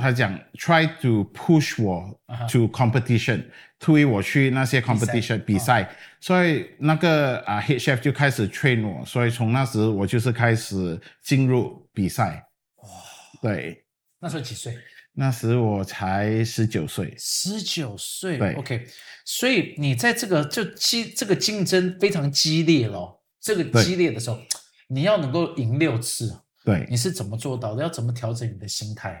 他講 try to push 我 to competition，、uh -huh. 推我去那些 competition 比賽，比賽哦，所以那個啊 head chef 就開始 train 我，所以從那時我就是開始進入比賽。哇、哦！對，那時候幾歲？那時我才十九歲。十九歲，對，OK。所以你在這個就激，這個競爭非常激烈咯，哦。這個激烈的時候，你要能夠贏六次，對，你是怎麼做到的？要怎麼調整你的心態？